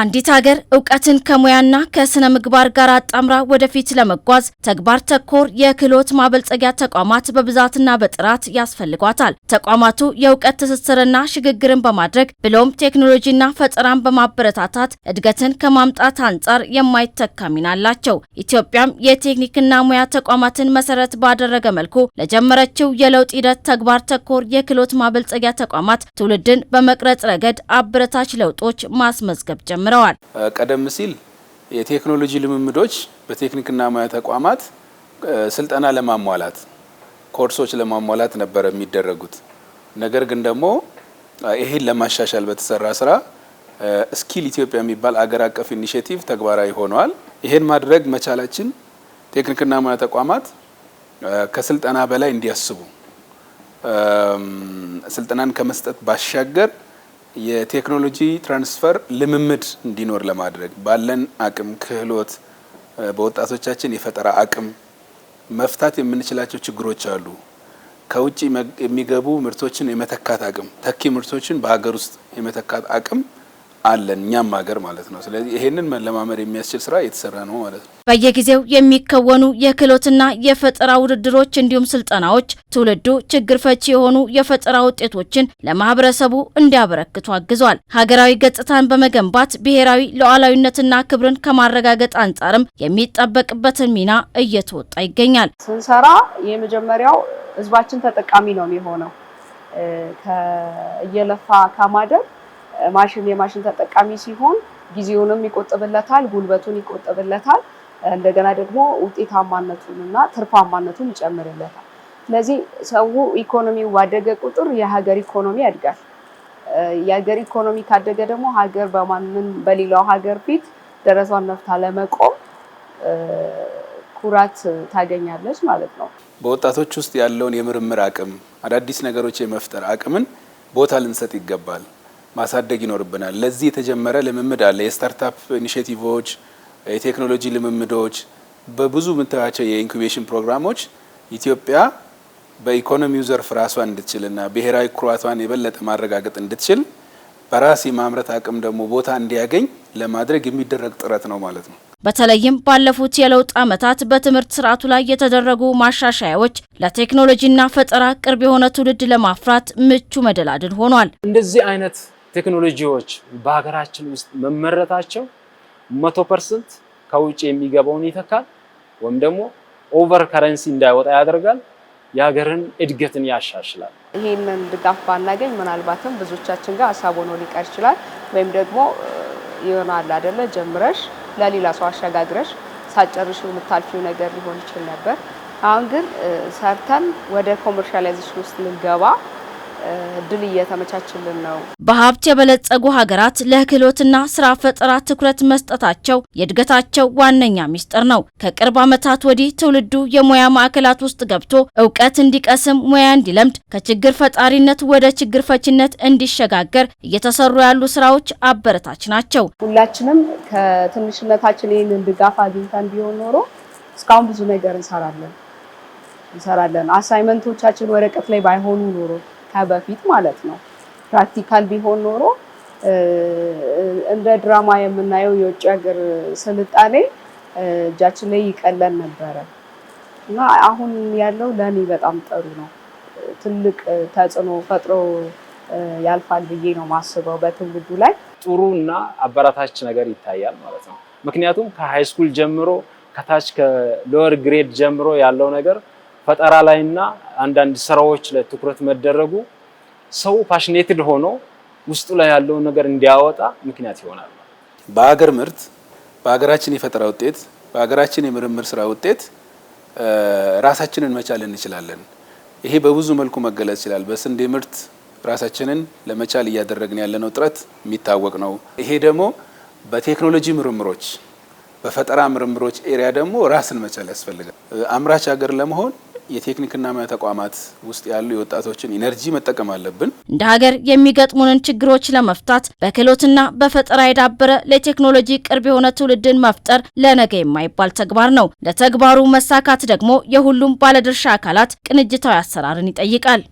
አንዲት ሀገር እውቀትን ከሙያና ከስነ ምግባር ጋር አጣምራ ወደፊት ለመጓዝ ተግባር ተኮር የክህሎት ማበልጸጊያ ተቋማት በብዛትና በጥራት ያስፈልጓታል። ተቋማቱ የእውቀት ትስስርና ሽግግርን በማድረግ ብሎም ቴክኖሎጂና ፈጠራን በማበረታታት እድገትን ከማምጣት አንጻር የማይተካ ሚና አላቸው። ኢትዮጵያም የቴክኒክና ሙያ ተቋማትን መሰረት ባደረገ መልኩ ለጀመረችው የለውጥ ሂደት ተግባር ተኮር የክህሎት ማበልጸጊያ ተቋማት ትውልድን በመቅረጽ ረገድ አበረታች ለውጦች ማስመዝገብ ጀምራለች። ጀምረዋል። ቀደም ሲል የቴክኖሎጂ ልምምዶች በቴክኒክና ሙያ ተቋማት ስልጠና ለማሟላት ኮርሶች ለማሟላት ነበረ የሚደረጉት። ነገር ግን ደግሞ ይሄን ለማሻሻል በተሰራ ስራ ስኪል ኢትዮጵያ የሚባል አገር አቀፍ ኢኒሽቲቭ ተግባራዊ ሆኗል። ይሄን ማድረግ መቻላችን ቴክኒክና ሙያ ተቋማት ከስልጠና በላይ እንዲያስቡ ስልጠናን ከመስጠት ባሻገር የቴክኖሎጂ ትራንስፈር ልምምድ እንዲኖር ለማድረግ ባለን አቅም ክህሎት፣ በወጣቶቻችን የፈጠራ አቅም መፍታት የምንችላቸው ችግሮች አሉ። ከውጭ የሚገቡ ምርቶችን የመተካት አቅም፣ ተኪ ምርቶችን በሀገር ውስጥ የመተካት አቅም አለን እኛም ሀገር ማለት ነው። ስለዚህ ይሄንን መለማመድ የሚያስችል ስራ እየተሰራ ነው ማለት ነው። በየጊዜው የሚከወኑ የክህሎትና የፈጠራ ውድድሮች እንዲሁም ስልጠናዎች ትውልዱ ችግር ፈቺ የሆኑ የፈጠራ ውጤቶችን ለማህበረሰቡ እንዲያበረክቱ አግዟል። ሀገራዊ ገጽታን በመገንባት ብሔራዊ ሉዓላዊነትና ክብርን ከማረጋገጥ አንጻርም የሚጠበቅበትን ሚና እየተወጣ ይገኛል። ስንሰራ የመጀመሪያው ህዝባችን ተጠቃሚ ነው የሚሆነው ከእየለፋ ከማደግ ማሽን የማሽን ተጠቃሚ ሲሆን ጊዜውንም ይቆጥብለታል፣ ጉልበቱን ይቆጥብለታል። እንደገና ደግሞ ውጤታማነቱን እና ትርፋማነቱን ይጨምርለታል። ስለዚህ ሰው ኢኮኖሚው ባደገ ቁጥር የሀገር ኢኮኖሚ ያድጋል። የሀገር ኢኮኖሚ ካደገ ደግሞ ሀገር በማንም በሌላው ሀገር ፊት ደረቷን ነፍታ ለመቆም ኩራት ታገኛለች ማለት ነው። በወጣቶች ውስጥ ያለውን የምርምር አቅም፣ አዳዲስ ነገሮች የመፍጠር አቅምን ቦታ ልንሰጥ ይገባል። ማሳደግ ይኖርብናል። ለዚህ የተጀመረ ልምምድ አለ። የስታርታፕ ኢኒሽቲቮች፣ የቴክኖሎጂ ልምምዶች በብዙ ምንታያቸው የኢንኩቤሽን ፕሮግራሞች ኢትዮጵያ በኢኮኖሚው ዘርፍ ራሷን እንድትችልና ብሔራዊ ኩራቷን የበለጠ ማረጋገጥ እንድትችል በራስ የማምረት አቅም ደግሞ ቦታ እንዲያገኝ ለማድረግ የሚደረግ ጥረት ነው ማለት ነው። በተለይም ባለፉት የለውጥ ዓመታት በትምህርት ስርዓቱ ላይ የተደረጉ ማሻሻያዎች ለቴክኖሎጂና ፈጠራ ቅርብ የሆነ ትውልድ ለማፍራት ምቹ መደላድል ሆኗል። እንደዚህ አይነት ቴክኖሎጂዎች በሀገራችን ውስጥ መመረታቸው መቶ ፐርሰንት ከውጭ የሚገባውን ይተካል ወይም ደግሞ ኦቨር ከረንሲ እንዳይወጣ ያደርጋል። የሀገርን እድገትን ያሻሽላል። ይህንን ድጋፍ ባናገኝ ምናልባትም ብዙዎቻችን ጋር ሀሳብ ሆኖ ሊቀር ይችላል። ወይም ደግሞ ይሆናል አደለ ጀምረሽ ለሌላ ሰው አሸጋግረሽ ሳጨርሽ የምታልፊው ነገር ሊሆን ይችል ነበር። አሁን ግን ሰርተን ወደ ኮመርሻላይዜሽን ውስጥ ልንገባ እድል እየተመቻችልን ነው። በሀብት የበለጸጉ ሀገራት ለክህሎትና ስራ ፈጠራ ትኩረት መስጠታቸው የእድገታቸው ዋነኛ ሚስጥር ነው። ከቅርብ ዓመታት ወዲህ ትውልዱ የሙያ ማዕከላት ውስጥ ገብቶ እውቀት እንዲቀስም፣ ሙያ እንዲለምድ፣ ከችግር ፈጣሪነት ወደ ችግር ፈችነት እንዲሸጋገር እየተሰሩ ያሉ ስራዎች አበረታች ናቸው። ሁላችንም ከትንሽነታችን ይህንን ድጋፍ አግኝተን ቢሆን ኖሮ እስካሁን ብዙ ነገር እንሰራለን እንሰራለን አሳይመንቶቻችን ወረቀት ላይ ባይሆኑ ኖሮ ከበፊት ማለት ነው። ፕራክቲካል ቢሆን ኖሮ እንደ ድራማ የምናየው የውጭ ሀገር ስልጣኔ እጃችን ላይ ይቀለል ነበረ እና አሁን ያለው ለእኔ በጣም ጥሩ ነው። ትልቅ ተጽዕኖ ፈጥሮ ያልፋል ብዬ ነው ማስበው። በትውልዱ ላይ ጥሩ እና አበራታች ነገር ይታያል ማለት ነው። ምክንያቱም ከሃይስኩል ጀምሮ ከታች ከሎወር ግሬድ ጀምሮ ያለው ነገር ፈጠራ ላይና አንዳንድ ስራዎች ላይ ትኩረት መደረጉ ሰው ፓሽኔትድ ሆኖ ውስጡ ላይ ያለውን ነገር እንዲያወጣ ምክንያት ይሆናል። በሀገር ምርት፣ በሀገራችን የፈጠራ ውጤት፣ በሀገራችን የምርምር ስራ ውጤት ራሳችንን መቻል እንችላለን። ይሄ በብዙ መልኩ መገለጽ ይችላል። በስንዴ ምርት ራሳችንን ለመቻል እያደረግን ያለነው ጥረት የሚታወቅ ነው። ይሄ ደግሞ በቴክኖሎጂ ምርምሮች፣ በፈጠራ ምርምሮች ኤሪያ ደግሞ ራስን መቻል ያስፈልጋል። አምራች ሀገር ለመሆን የቴክኒክና ሙያ ተቋማት ውስጥ ያሉ የወጣቶችን ኢነርጂ መጠቀም አለብን። እንደ ሀገር የሚገጥሙንን ችግሮች ለመፍታት በክህሎትና በፈጠራ የዳበረ ለቴክኖሎጂ ቅርብ የሆነ ትውልድን መፍጠር ለነገ የማይባል ተግባር ነው። ለተግባሩ መሳካት ደግሞ የሁሉም ባለድርሻ አካላት ቅንጅታዊ አሰራርን ይጠይቃል።